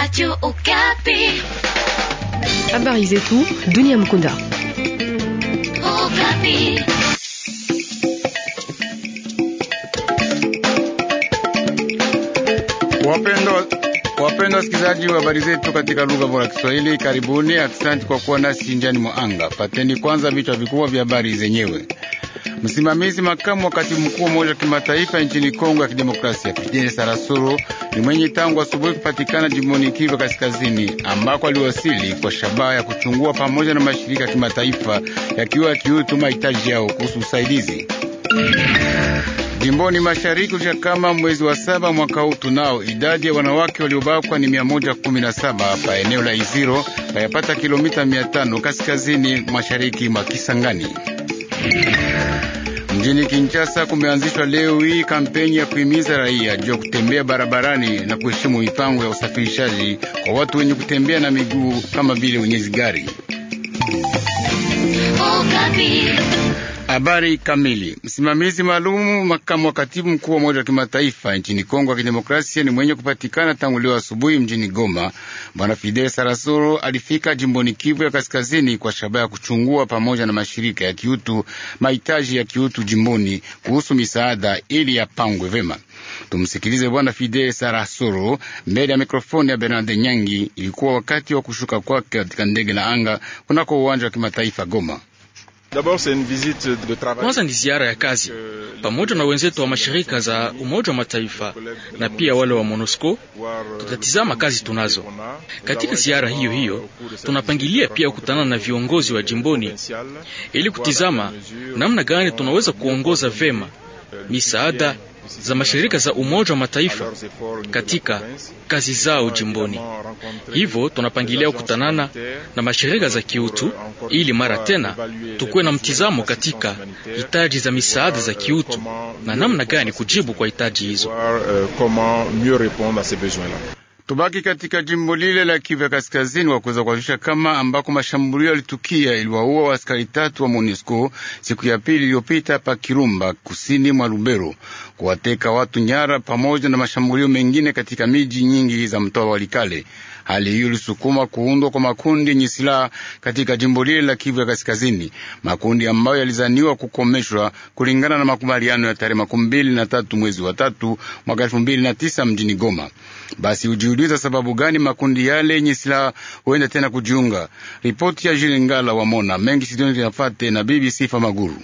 Radio Okapi. Habari zetu dunia mkunda. Okapi. Wapendwa wapendwa wasikilizaji wa habari zetu katika lugha bora Kiswahili, karibuni. Asante kwa kuwa nasi njiani mwa anga. Pateni kwanza vichwa vikubwa vya habari zenyewe. Msimamizi makamu wa katibu mkuu wa Umoja wa Kimataifa nchini Kongo ya Kidemokrasia, Pideni Sarasoro ni mwenye tangu asubuhi kupatikana jimboni Kivu Kaskazini, ambako aliwasili kwa shabaha ya kuchungua pamoja na mashirika ya kimataifa yakiwa yakiutu mahitaji yao kuhusu usaidizi jimboni mashariki ulisha kama mwezi wa saba mwaka huu tunao idadi ya wanawake waliobakwa ni 117 pa eneo la Iziro payapata kilomita 500 kaskazini mashariki mwa Kisangani. Mjini Kinshasa kumeanzishwa leo hii kampeni ya kuhimiza raia juu ya kutembea barabarani na kuheshimu mipango ya usafirishaji kwa watu wenye kutembea na miguu kama vile wenyezi gari. Oh, Habari kamili. Msimamizi maalumu makamu wa katibu mkuu wa Umoja wa Kimataifa nchini Kongo ya Kidemokrasia ni mwenye kupatikana tangu leo asubuhi mjini Goma. Bwana Fidel Sarasoro alifika jimboni Kivu ya Kaskazini kwa shabaha ya kuchungua pamoja na mashirika ya kiutu mahitaji ya kiutu jimboni kuhusu misaada ili yapangwe vema. Tumsikilize Bwana Fidel Sarasoro mbele ya mikrofoni ya Bernard Nyangi. Ilikuwa wakati wa kushuka kwake katika ndege la anga kunako uwanja wa kimataifa Goma. Kwanza ni ziara ya kazi pamoja na wenzetu wa mashirika za Umoja wa Mataifa na pia wale wa MONUSCO. Tutatizama kazi tunazo katika ziara hiyo hiyo. Tunapangilia pia kukutana na viongozi wa jimboni ili kutizama namna gani tunaweza kuongoza vema misaada za mashirika za Umoja wa Mataifa katika kazi zao jimboni. Hivyo tunapangilia kukutanana na mashirika za kiutu ili mara tena tukuwe na mtizamo katika hitaji za misaada za kiutu na namna gani kujibu kwa hitaji hizo. Euh, Tubaki katika jimbo lile la Kivu ya Kaskazini wakuweza kuhakikisha kama ambako mashambulio yalitukia iliwaua askari tatu wa MONUSCO siku ya pili iliyopita pa Kirumba, kusini mwa Lubero, kuwateka watu nyara, pamoja na mashambulio mengine katika miji nyingi za mtoa Walikale. Hali hiyo ilisukuma kuundwa kwa makundi yenye silaha katika jimbo lile la Kivu ya Kaskazini, makundi ambayo yalizaniwa kukomeshwa kulingana na makubaliano ya tarehe makumi mbili na tatu mwezi wa tatu mwaka elfu mbili na tisa mjini Goma. Basi hujiuliza sababu gani makundi yale yenye silaha huenda tena kujiunga. Ripoti ya Jilingala Wamona mengi Sidoni Yafate na BBC Famaguru.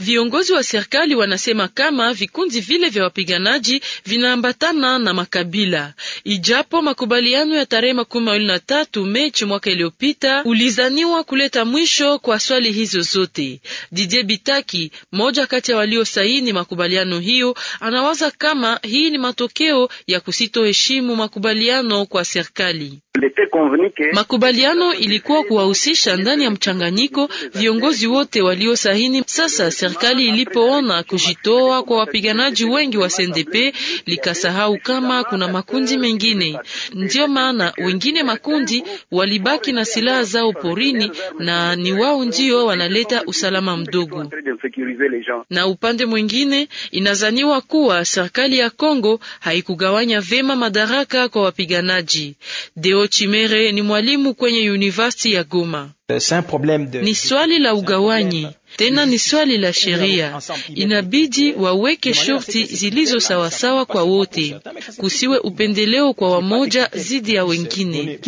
Viongozi wa serikali wanasema kama vikundi vile vya wapiganaji vinaambatana na makabila, ijapo makubaliano ya tarehe makumi mawili na tatu Mechi mwaka iliyopita ulizaniwa kuleta mwisho kwa swali hizo zote. Didier Bitaki, mmoja kati ya waliosaini makubaliano hiyo, anawaza kama hii ni matokeo ya kusitoheshimu makubaliano kwa serikali. Makubaliano ilikuwa kuwahusisha ndani ya mchanganyiko viongozi wote waliosahini. Sasa serikali ilipoona kujitoa kwa wapiganaji wengi wa CNDP likasahau kama kuna makundi mengine, ndio maana wengine makundi walibaki na silaha zao porini, na ni wao ndio wanaleta usalama mdogo. Na upande mwingine, inazaniwa kuwa serikali ya Kongo haikugawanya vema madaraka kwa wapiganaji Deo Chimere ni mwalimu kwenye University ya Goma. Euh, ni swali la ugawanyi tena ni swali la sheria. Inabidi waweke shorti zilizo sawasawa kwa wote, kusiwe upendeleo kwa wamoja zidi ya wengine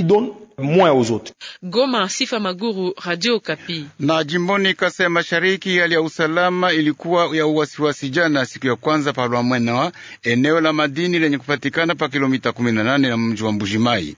moins aux autres. Goma, Sifa Maguru, Radio Kapi. Na jimboni ya Mashariki, hali ya usalama ilikuwa ya uwasiwasi jana siku ya kwanza palwamwena, eneo la madini lenye kupatikana pa kilomita 18 na mji wa Mbujimai.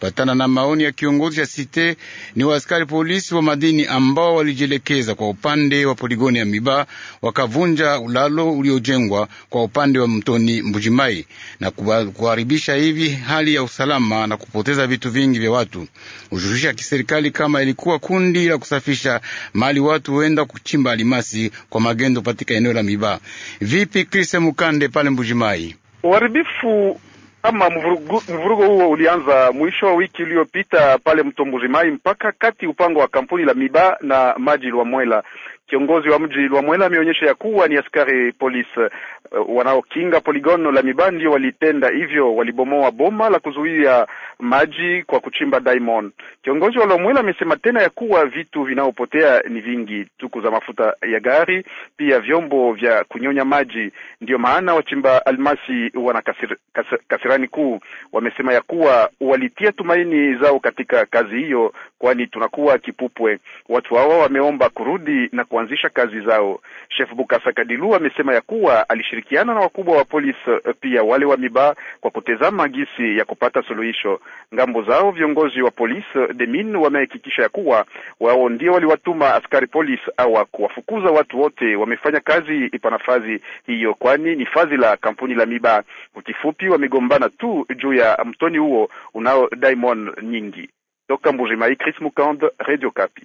Patana na maoni ya kiongozi ya site, ni waaskari polisi wa madini ambao walijielekeza kwa upande wa poligoni ya Miba wakavunja ulalo uliojengwa kwa upande wa mtoni Mbujimai na kuharibisha hivi hali ya usalama na kupoteza vitu vingi vya watu. Ushurushi ya kiserikali kama ilikuwa kundi la kusafisha mali watu huenda kuchimba alimasi kwa magendo katika eneo la Miba. Vipi Krise Mukande pale Mbujimai? Uharibifu kama mvurugo, huo ulianza mwisho wa wiki uliopita pale mto Mbujimai mpaka kati upango wa kampuni la Miba na maji Lwamwela. Kiongozi wa mji Lwamwela ameonyesha ya kuwa ni askari polisi uh, wanaokinga poligono la Miba ndio walitenda hivyo, walibomoa boma la kuzuia maji kwa kuchimba diamond. Kiongozi wa Lomwela amesema tena ya kuwa vitu vinaopotea ni vingi, tuku za mafuta ya gari, pia vyombo vya kunyonya maji. Ndiyo maana wachimba almasi wana kasir, kas, kasirani kuu. Wamesema ya kuwa walitia tumaini zao katika kazi hiyo, kwani tunakuwa kipupwe. Watu hawa wameomba kurudi na kuanzisha kazi zao. Chef Bukasa Kadilu amesema ya kuwa alishirikiana na wakubwa wa polisi, eh, pia wale wa mibaa kwa kutezama gisi ya kupata suluhisho ngambo zao, viongozi wa polisi eh, Demin wamehakikisha ya kuwa wao ndio waliwatuma askari polisi awa kuwafukuza watu wote wamefanya kazi ipanafazi hiyo, kwani ni fazi la kampuni la Miba. Ukifupi, wamegombana tu juu ya mtoni huo unao diamond nyingi. Toka Mbujimai, Chris Mukand, Radio Kapi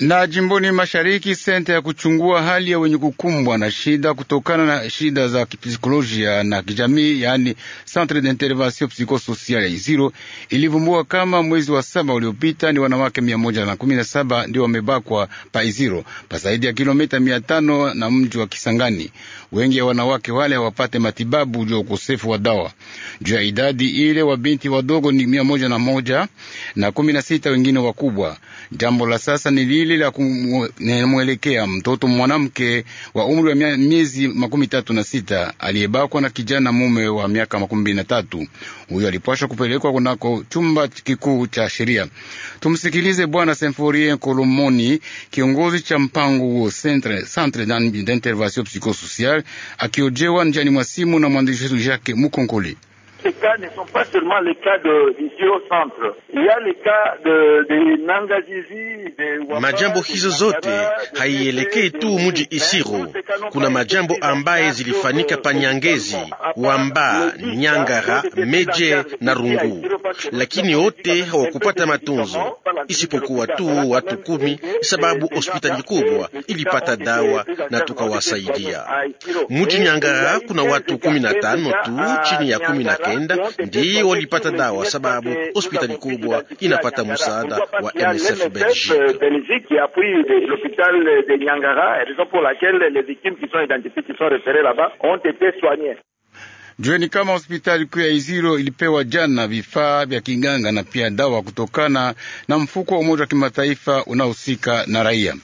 na jimboni mashariki senta ya kuchungua hali ya wenye kukumbwa na shida kutokana na shida za kipsikolojia na kijamii, yaani Centre d'intervention psychosocial ya Iziro ilivumbua kama mwezi wa saba uliopita ni wanawake mia moja na kumi na saba ndio wamebakwa pa Iziro pa zaidi ya kilomita mia tano na mji wa Kisangani. Wengi ya wanawake wale hawapate matibabu juu ya ukosefu wa dawa. Juu ya idadi ile, wabinti wadogo ni mia moja na moja na kumi na sita wengine wakubwa. Jambo la sasa ni lile la kumwelekea mtoto mwanamke wa umri wa miezi makumi tatu na sita aliyebakwa na kijana mume wa miaka makumi mbili na tatu. Huyo alipashwa kupelekwa kunako chumba kikuu cha sheria. Tumsikilize Bwana Semforien Kolomoni, kiongozi cha mpango huo Centre, Centre d'intervention psychosocial, akiojewa njani mwa simu na mwandishi wetu Jacques Mukonkoli ces cas ne sont pas seulement les cas de, ici au centre. Il y a les cas de, de Nangazizi, de majambo hizo zote haielekei tu mji Isiro. Kuna majambo ambaye zilifanyika Panyangezi, Wamba, Nyangara, Meje na Rungu, lakini wote hawakupata matunzo isipokuwa tu watu kumi, sababu hospitali kubwa ilipata dawa na tukawasaidia. Mji Nyangara kuna watu kumi na tano tu chini ya kumi na kenda kenda ndiyo walipata dawa, sababu hospitali kubwa inapata msaada wa MSF Belgique euh, euh, Jueni kama hospitali kuu ya Iziro ilipewa jana vifaa vya kinganga na pia dawa kutokana na mfuko wa Umoja wa Kimataifa unaohusika na raia.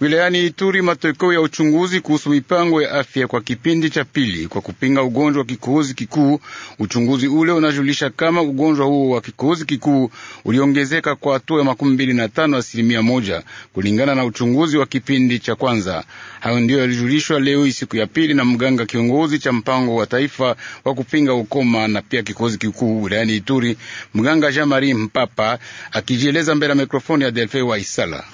Wilayani Ituri, matokeo ya uchunguzi kuhusu mipango ya afya kwa kipindi cha pili kwa kupinga ugonjwa wa kikohozi kikuu. Uchunguzi ule unajulisha kama ugonjwa huo wa kikohozi kikuu uliongezeka kwa hatua ya makumi mbili na tano asilimia moja kulingana na uchunguzi wa kipindi cha kwanza. Hayo ndiyo yalijulishwa leo siku ya pili na mganga kiongozi cha mpango wa taifa wa kupinga ukoma na pia kikohozi kikuu wilayani Ituri, mganga Jean Marie Mpapa akijieleza mbele ya mikrofoni ya Delfe Waisala.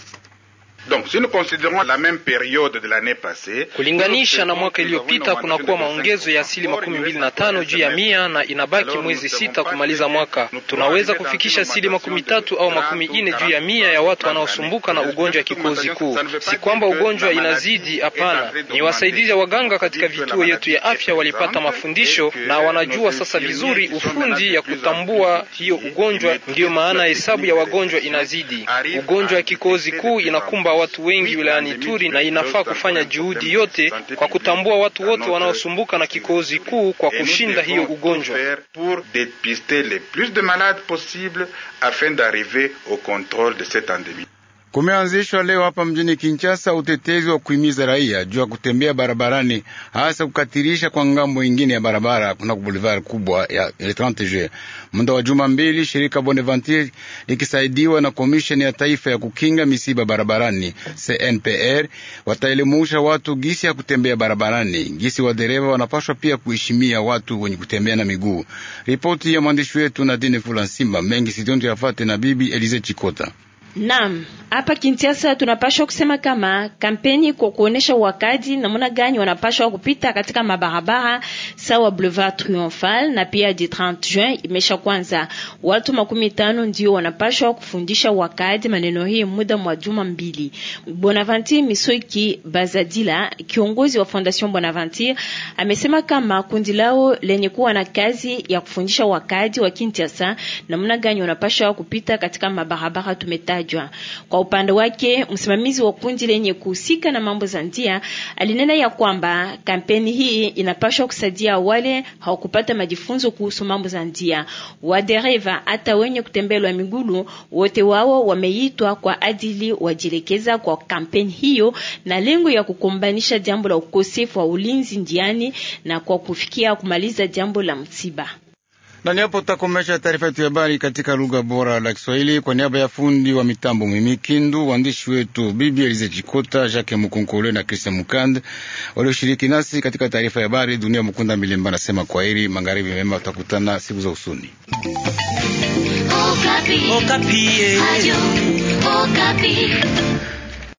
Donc, si nous considérons la même période de l'année passée, kulinganisha na mwaka iliyopita kunakuwa maongezo ya asili makumi mbili na tano juu ya mia na inabaki mwezi sita kumaliza mwaka. Tunaweza kufikisha asili makumi tatu au makumi ine juu ya mia ya watu wanaosumbuka na ugonjwa wa kikozi kuu. Si kwamba ugonjwa inazidi, hapana. Ni wasaidizi waganga katika vituo yetu ya afya walipata mafundisho na wanajua sasa vizuri ufundi ya kutambua hiyo ugonjwa. Ndiyo maana hesabu ya wagonjwa inazidi. Ugonjwa ya kikozi kuu inakumba watu wengi wilayani turi na inafaa kufanya juhudi yote kwa kutambua watu wote wanaosumbuka na kikozi kuu kwa kushinda hiyo ugonjwa pour dépister le plus de malades possible afin d'arriver au contrôle de cette endémie. Kumeanzishwa leo hapa mjini Kinshasa utetezi wa kuhimiza raia juu ya kutembea barabarani, hasa kukatirisha kwa ngambo ingine ya barabara kuna boulevard kubwa ya Le 30G. Muda wa juma mbili, shirika Bonaventure likisaidiwa na komisheni ya taifa ya kukinga misiba barabarani CNPR wataelimusha watu gisi ya kutembea barabarani, gisi wa dereva wanapaswa pia kuheshimia watu wenye kutembea na miguu. Ripoti ya mwandishi wetu Nadine Fulansimba mengi sitonto yafate na bibi Elize Chikota. Naam. Hapa Kinshasa tunapashwa kusema kama kampeni kwa kuonesha wakadi namna gani wanapashwa kupita katika mabarabara sawa Boulevard Triomphal na pia di 30 Juin imesha kwanza. Watu makumi tano ndio wanapashwa kufundisha wakadi maneno hii muda mwa juma mbili. Bonaventure Misoki Bazadila, kiongozi wa Fondation Bonaventure, amesema kama kundi lao lenye kuwa na kazi ya kufundisha wakadi wa Kinshasa namna gani wanapashwa kupita katika mabarabara tumetajwa. Kwa kwa upande wake, msimamizi wa kundi lenye kuhusika na mambo za njia alinena ya kwamba kampeni hii inapaswa kusaidia wale hawakupata majifunzo kuhusu mambo za njia, wadereva hata wenye kutembelwa migulu, wote wao wameitwa kwa ajili wajielekeza kwa kampeni hiyo na lengo ya kukombanisha jambo la ukosefu wa ulinzi njiani na kwa kufikia kumaliza jambo la msiba na hapo takomesha taarifa yetu ya habari katika lugha bora la Kiswahili kwa niaba ya fundi wa mitambo Mimi Kindu, waandishi wetu Bibi Elize Chikota, Jacke Mukunkole na Christian Mukande walioshiriki nasi katika taarifa ya habari. Dunia Mukunda Milemba nasema heri, magharibi mema, tutakutana siku za usuni. Okapi. Okapi.